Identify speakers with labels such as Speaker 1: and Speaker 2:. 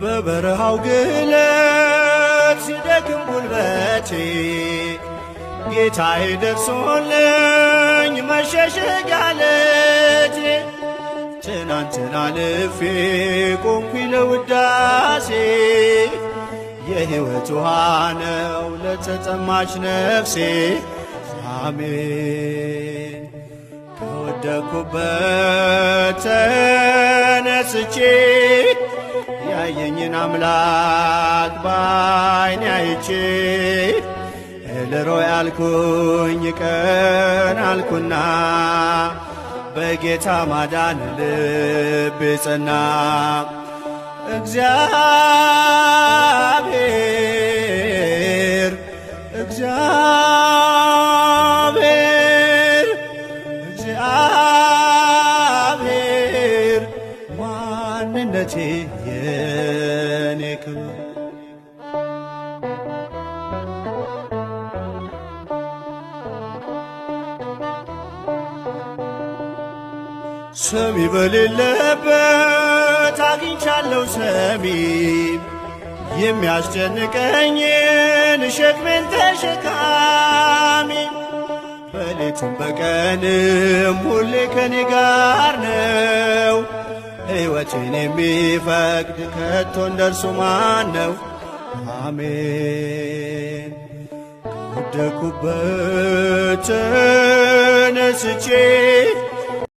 Speaker 1: በበረሃው ግለት ሲደክም ጉልበቴ ጌታዬ ደርሶልኝ መሸሸጊያ ትናንትና ትናንትን አልፌ ቆምኩኝ ለውዳሴ የሕይወት ውሃ ነው ለተጠማች ነፍሴ አሜን። ከወደኩበት ተነስቼ ያየኝን አምላክ ባይን አይቼ እልሮይ አልኩኝ ቀን አልኩና በጌታ ማዳን ልብ ጽና እግዚአብሔር እግዚአብሔር እግዚአብሔር ማንነቴ የኔ ክብር
Speaker 2: ሰሚ በሌለበት አግኝቻለሁ ሰሚ የሚያስጨንቀኝን ሸክሜን ተሸካሚ በሌትም በቀንም ሁሌ ከኔ ጋር ነው። ሕይወትን የሚፈቅድ ከቶ እንደርሱ ማን ነው? አሜን። ከወደኩበት ተነስቼ